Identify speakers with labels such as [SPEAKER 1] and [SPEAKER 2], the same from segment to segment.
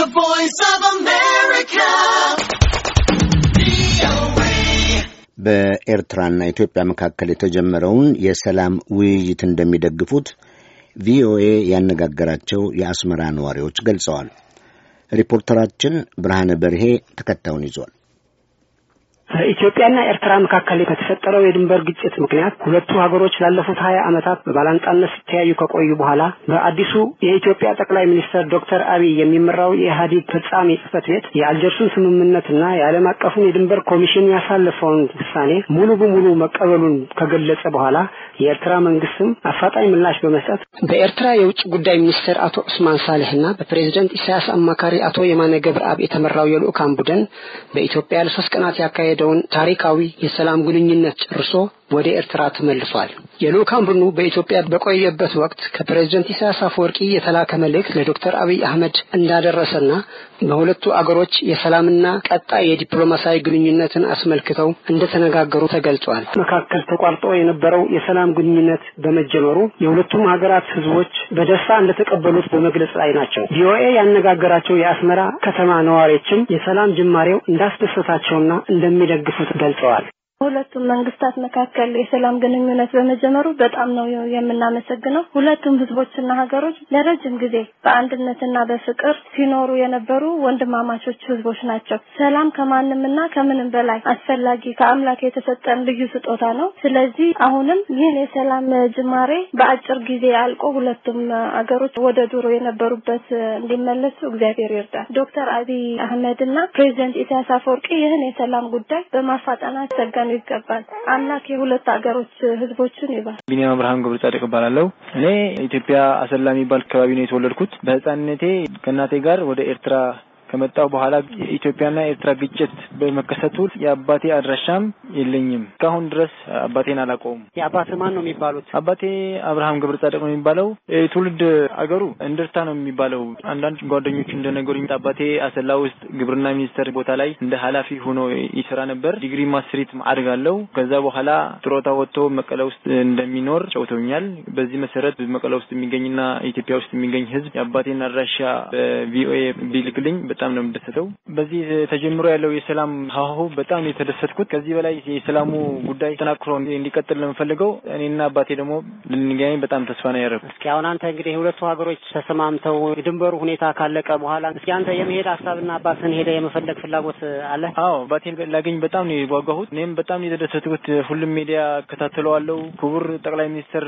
[SPEAKER 1] The Voice of America.
[SPEAKER 2] በኤርትራና ኢትዮጵያ መካከል የተጀመረውን የሰላም ውይይት እንደሚደግፉት ቪኦኤ ያነጋገራቸው የአስመራ ነዋሪዎች ገልጸዋል። ሪፖርተራችን ብርሃነ በርሄ ተከታዩን ይዟል። በኢትዮጵያና ኤርትራ መካከል በተፈጠረው የድንበር ግጭት ምክንያት ሁለቱ ሀገሮች ላለፉት ሀያ ዓመታት በባላንጣነት ሲተያዩ ከቆዩ በኋላ በአዲሱ የኢትዮጵያ ጠቅላይ ሚኒስትር ዶክተር አብይ የሚመራው የኢህአዴግ ፈጻሚ ጽህፈት ቤት የአልጀርሱን ስምምነትና የዓለም አቀፉን የድንበር ኮሚሽን ያሳለፈውን ውሳኔ ሙሉ በሙሉ መቀበሉን ከገለጸ በኋላ የኤርትራ መንግስትም አፋጣኝ ምላሽ በመስጠት በኤርትራ የውጭ ጉዳይ ሚኒስትር አቶ ዑስማን ሳሌህና በፕሬዝደንት ኢሳያስ አማካሪ አቶ የማነ ገብረአብ የተመራው የልኡካን ቡድን በኢትዮጵያ ለሶስት ቀናት ያካሄደው ያለውን ታሪካዊ የሰላም ግንኙነት ጨርሶ ወደ ኤርትራ ተመልሷል። የልዑካን ቡድኑ በኢትዮጵያ በቆየበት ወቅት ከፕሬዝደንት ኢሳያስ አፈወርቂ የተላከ መልእክት ለዶክተር አብይ አህመድ እንዳደረሰና በሁለቱ አገሮች የሰላምና ቀጣይ የዲፕሎማሲያዊ ግንኙነትን አስመልክተው እንደተነጋገሩ ተገልጿል። መካከል ተቋርጦ የነበረው የሰላም ግንኙነት በመጀመሩ የሁለቱም ሀገራት ህዝቦች በደስታ እንደተቀበሉት በመግለጽ ላይ ናቸው። ቪኦኤ ያነጋገራቸው የአስመራ ከተማ ነዋሪዎችም የሰላም ጅማሬው እንዳስደሰታቸውና እንደሚደግፉት
[SPEAKER 3] ገልጸዋል። ሁለቱም መንግስታት መካከል የሰላም ግንኙነት በመጀመሩ በጣም ነው የምናመሰግነው። ሁለቱም ህዝቦችና ሀገሮች ለረጅም ጊዜ በአንድነትና በፍቅር ሲኖሩ የነበሩ ወንድማማቾች ህዝቦች ናቸው። ሰላም ከማንምና ከምንም በላይ አስፈላጊ ከአምላክ የተሰጠን ልዩ ስጦታ ነው። ስለዚህ አሁንም ይህን የሰላም ጅማሬ በአጭር ጊዜ አልቆ ሁለቱም ሀገሮች ወደ ድሮ የነበሩበት እንዲመለሱ እግዚአብሔር ይርዳል። ዶክተር አህመድ አህመድና ፕሬዚደንት ኢሳያስ አፈወርቂ ይህን የሰላም ጉዳይ በማፋጠና ሰገን ሊባል ይገባል። አምላክ የሁለት ሀገሮች ህዝቦችን ይባል።
[SPEAKER 4] ቢኒያም ብርሃን ገብረ ጻድቅ እባላለሁ። እኔ ኢትዮጵያ አሰላ የሚባል አካባቢ ነው የተወለድኩት። በህፃንነቴ ከእናቴ ጋር ወደ ኤርትራ ከመጣው በኋላ የኢትዮጵያና ኤርትራ ግጭት በመከሰቱ የአባቴ አድራሻም የለኝም። እስካሁን ድረስ አባቴን አላውቀውም። የአባት ማን ነው የሚባሉት? አባቴ አብርሃም ገብረ ጻድቅ ነው የሚባለው። የትውልድ አገሩ እንደርታ ነው የሚባለው። አንዳንድ ጓደኞች እንደነገሩኝ አባቴ አሰላ ውስጥ ግብርና ሚኒስቴር ቦታ ላይ እንደ ኃላፊ ሆኖ ይሰራ ነበር። ዲግሪ ማስሪት ማዕረግ አለው። ከዛ በኋላ ጥሮታ ወጥቶ መቀለ ውስጥ እንደሚኖር ጨውተውኛል። በዚህ መሰረት መቀለ ውስጥ የሚገኝና ኢትዮጵያ ውስጥ የሚገኝ ህዝብ የአባቴን አድራሻ በቪኦኤ ቢልክልኝ በጣም ነው የምደሰተው። በዚህ ተጀምሮ ያለው የሰላም ሀሁ በጣም የተደሰትኩት። ከዚህ በላይ የሰላሙ ጉዳይ ተጠናክሮ እንዲቀጥል ነው የምፈልገው። እኔና አባቴ ደግሞ ልንገናኝ በጣም ተስፋ ነው ያደረኩት። እስኪ አሁን አንተ እንግዲህ የሁለቱ ሀገሮች ተስማምተው የድንበሩ ሁኔታ ካለቀ በኋላ እስኪ
[SPEAKER 2] አንተ የመሄድ ሀሳብና አባትን ሄደ
[SPEAKER 4] የመፈለግ ፍላጎት አለ? አዎ አባቴን ላገኝ በጣም ነው የጓጓሁት። እኔም በጣም ነው የተደሰትኩት። ሁሉም ሚዲያ እከታተለዋለሁ። ክቡር ጠቅላይ ሚኒስትር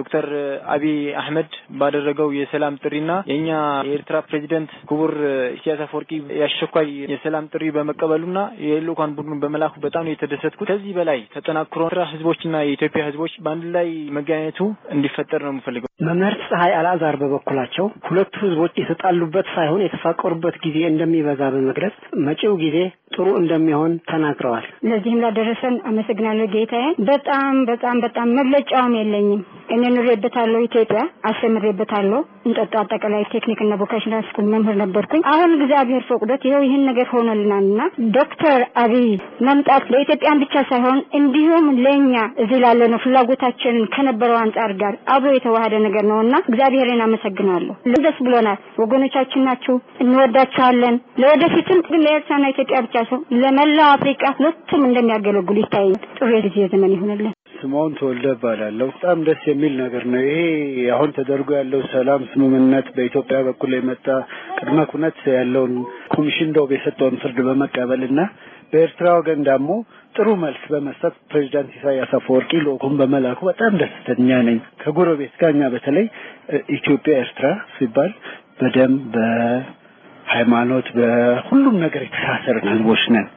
[SPEAKER 4] ዶክተር አብይ አህመድ ባደረገው የሰላም ጥሪና የእኛ የኤርትራ ፕሬዚደንት ክቡር ኢሳያስ ኢሳያስ አፈወርቂ የአስቸኳይ የሰላም ጥሪ በመቀበሉና የልኡካን ቡድኑን በመላኩ በጣም ነው የተደሰትኩት። ከዚህ በላይ ተጠናክሮ ኤርትራ ህዝቦችና የኢትዮጵያ ህዝቦች በአንድ ላይ መገናኘቱ እንዲፈጠር ነው የምፈልገው።
[SPEAKER 2] መምህርት ፀሐይ አልአዛር በበኩላቸው ሁለቱ ህዝቦች የተጣሉበት ሳይሆን የተፋቀሩበት ጊዜ እንደሚበዛ በመግለጽ መጪው ጊዜ ጥሩ እንደሚሆን ተናግረዋል።
[SPEAKER 3] ለዚህም ላደረሰን አመሰግናለሁ ጌታዬ። በጣም በጣም በጣም መግለጫውም የለኝም። እኔ ኑሬበታለሁ፣ ኢትዮጵያ አስተምሬበታለሁ። እንጠጡ አጠቃላይ ቴክኒክና ቮካሽናል ስኩል መምህር ነበርኩኝ። አሁን እግዚአብሔር ፈቅዶት ይኸው ይህን ነገር ሆኖልናል እና ዶክተር አብይ መምጣት ለኢትዮጵያን ብቻ ሳይሆን እንዲሁም ለእኛ እዚህ ላለ ነው ፍላጎታችንን ከነበረው አንጻር ጋር አብሮ የተዋሃደ ነገር ነው እና እግዚአብሔርን አመሰግናለሁ። ደስ ብሎናል። ወገኖቻችን ናችሁ፣ እንወዳችኋለን። ለወደፊትም ለኤርትራና ኢትዮጵያ ብቻ ሰው ለመላው አፍሪቃ ሁለቱም እንደሚያገለግሉ ይታይ። ጥሩ የጊዜ ዘመን ይሆንልን።
[SPEAKER 1] ስምዖን ተወልደ እባላለሁ። በጣም ደስ የሚል ነገር ነው ይሄ አሁን ተደርጎ ያለው ሰላም ስምምነት በኢትዮጵያ በኩል የመጣ ቅድመ ኩነት ያለውን ኮሚሽን ዶብ የሰጠውን ፍርድ በመቀበልና በኤርትራ ወገን ደግሞ ጥሩ መልስ በመስጠት ፕሬዚዳንት ኢሳያስ አፈወርቂ ልኡኩን በመላኩ በጣም ደስተኛ ነኝ። ከጎረቤት ጋር እኛ በተለይ ኢትዮጵያ ኤርትራ ሲባል በደም በሃይማኖት በሁሉም ነገር የተሳሰርን ህዝቦች ነን።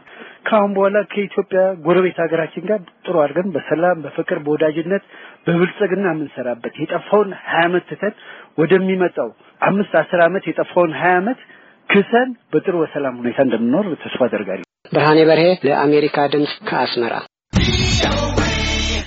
[SPEAKER 1] ከአሁን በኋላ ከኢትዮጵያ ጎረቤት ሀገራችን ጋር ጥሩ አድርገን በሰላም በፍቅር በወዳጅነት በብልጽግና የምንሰራበት የጠፋውን ሀያ ዓመት ትተን ወደሚመጣው አምስት አስር ዓመት የጠፋውን ሀያ ዓመት ክሰን በጥሩ በሰላም ሁኔታ እንደምንኖር ተስፋ አደርጋለሁ።
[SPEAKER 2] ብርሃኔ በርሄ ለአሜሪካ ድምፅ ከአስመራ